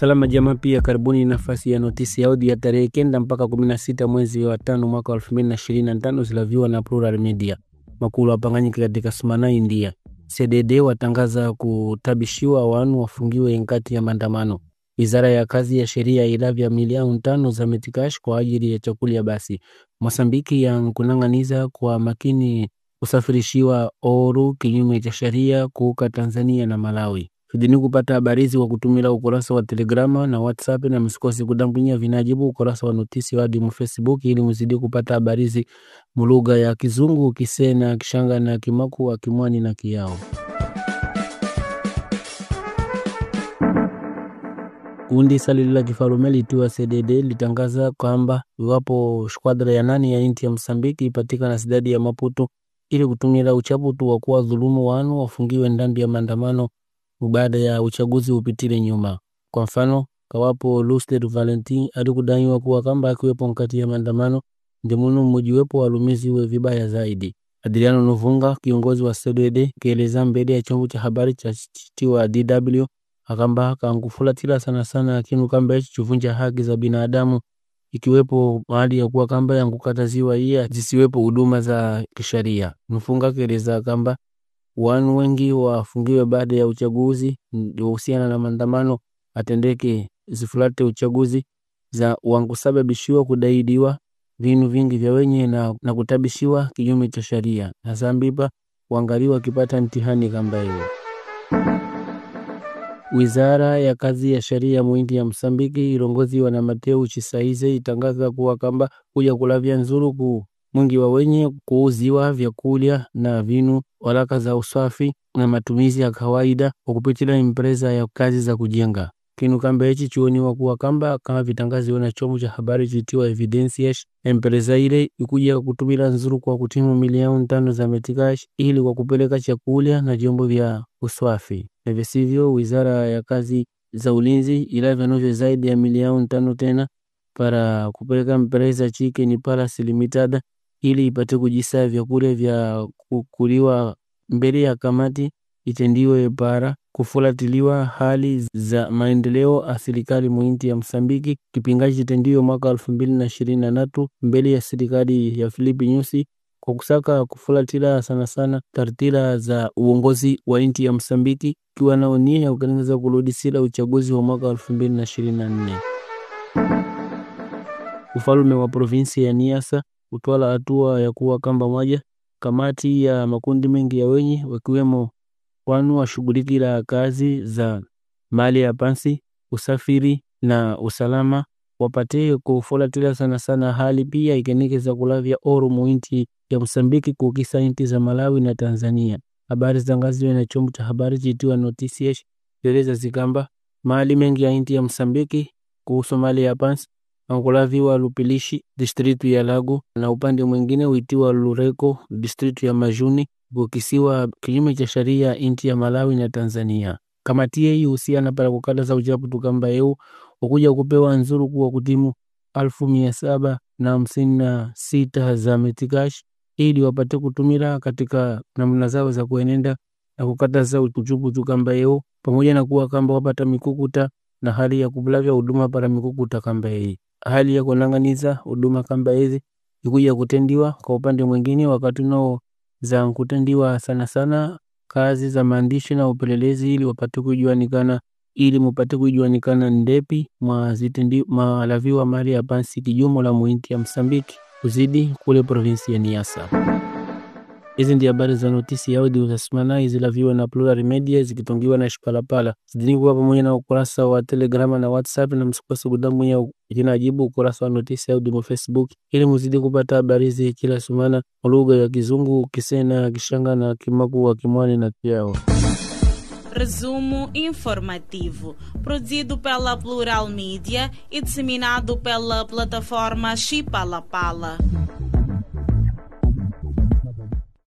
Salama Jamaa pia karibuni nafasi ya notisi ya audio ya tarehe kenda mpaka 16 mwezi wa tano mwaka 2025 zilaviwa na Plural Media. Makulu wapanganyika katika Sumana, India. CDD watangaza kutabishiwa wanu wafungiwe nkati ya maandamano. Wizara ya kazi ya sheria ilavya milioni tano za metikash kwa ajili ya chakuli ya basi. Mosambiki yankunang'aniza kwa makini kusafirishiwa oru kinyume cha sheria kuuka Tanzania na Malawi. Fidini kupata habari hizi kwa kutumila ukurasa wa Telegrama na WhatsApp, na msikosi kudambunya vinajibu ukurasa wa notisi wa mu Facebook ili mzidi kupata habari hizi mulugha ya Kizungu, Kisena, Kishanga na Kimaku, Kimwani na Kiyao. Kundi salili la kifalume litiwa CDD litangaza kwamba iwapo shkwadra ya nani ya inti ya Msambiki ipatikana sidadi ya Maputo ili kutumila uchaputu wa kuwa dhulumu wanu wafungiwe ndambi ya maandamano baada ya uchaguzi upitile nyuma. Kwa mfano, kawapo Lusted Valentin alikudaiwa kuwa kamba akiwepo mkati ya maandamano ndimuno mmojiwepo we vibaya zaidi. Adriano Novunga, kiongozi wa CDD, kieleza mbele ya chombo cha habari cha chitiwa DW akamba kangufula kangufulatila sana sana akinu kamba hicho chuvunja haki za binadamu ikiwepo mahali ya kuwa kamba yangukataziwa iya zisiwepo huduma za kisheria. Mfunga kieleza kamba wanu wengi wafungiwe baada ya uchaguzi wahusiana na maandamano atendeke zifulate uchaguzi za wankusababishiwa kudaidiwa vinu vingi vya wenye na, na kutabishiwa kinyume cha sharia na zambiba wangaliwa kipata mtihani kamba hiyo. Wizara ya kazi ya sheria muindi ya Msambiki ilongoziwa na Mateo Chisaize itangaza kuwa kamba kuja kulavya nzuru kuu mwingi wa wenye kuuziwa vyakula na vinu, waraka za usafi na matumizi ya kawaida kwa kupitia impreza ya kazi za kujenga kinu kamba hichi chuoni wa kuwa kamba kama vitangazi na chombo cha habari chitiwa Evidensiash. Empresa ile ikuja kutumila nzuru kwa kutimu milioni tano za metikash ili kwa kupeleka chakula na vyombo vya uswafi na visivyo wizara ya kazi za ulinzi ila vyanovyo zaidi ya milioni tano tena para kupeleka mpresa chike ni para silimitada ili ipate kujisaa vyakula vya kukuliwa mbele ya kamati itendiwe bara kufuatiliwa hali za maendeleo a serikali muinti ya Msambiki. Kipingaji itendiwe mwaka elfu mbele ya serikali ya Filipi Nyusi kwa kusaka kufuatilia sana sana taratila za uongozi wa inti ya Msambiki, kiwa na nia ya kutengeneza sila uchaguzi wa mwaka 2024. Ufalme Ufalume wa provinsi ya Niasa kutwala hatua ya kuwa kamba moja kamati ya makundi mengi ya wenye wakiwemo wanu shughuliki la kazi za mali ya pansi, usafiri na usalama wapate kufuatilia sana sana hali pia ikenike za kulavya oru muinti ya Msambiki kukisa inti za Malawi na Tanzania. Habari za ngazi na chombo cha habari chitiwa Noticies, peleza zikamba mali mengi ya inti ya Msambiki kuhusu mali ya pansi Kulavi wa Lupilishi distritu ya Lago na upande mwingine huitiwa Lureko distritu ya Majuni kukisiwa kinyume cha sharia inti ya Malawi na Tanzania. Kamati yeyi husiana para za uchapu tukamba eu ukuja kupewa nzuru kuwa kutimu alfu mia saba na hamsini na sita za mitikashi ili wapate kutumira katika namna zao za kuenenda na kukata za uchupu tukamba eu pamoja na kuwa kamba wapata mikukuta na hali ya kuvulavya huduma para mikukuta kamba hei hali ya kunanganiza huduma kamba hizi ikuja kutendiwa kwa upande mwingine, wakati nao za kutendiwa sana sana kazi za maandishi na upelelezi, ili wapate kujuanikana, ili mupate kujuanikana ndepi mwazitendi malaviwa mali ya pansi kijumo la muinti ya Msambiki kuzidi kule provinsi ya Niassa. Hizi ndio habari za notisi ya audio za semana zilizoviwa na Plural Media zikitongiwa na Shipalapala. Zidini kuwa pamoja na ukurasa wa Telegram na WhatsApp na msikose kudamu ya jina jibu ukurasa wa notisi ya audio wa Facebook ili mzidi kupata habari hizi kila semana kwa lugha ya Kizungu, Kisena, Kishanga na Kimaku, Kimwani na Kiao. Resumo informativo, produzido pela Plural Media e disseminado pela plataforma Chipalapala.